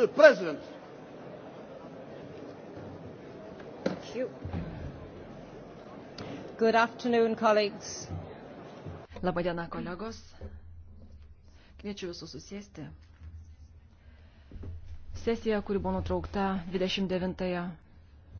the president. Thank you. Good afternoon, colleagues. Labadiena, kolegos. Kviečiu visus susėsti. Sesija, kuri buvo nutraukta 29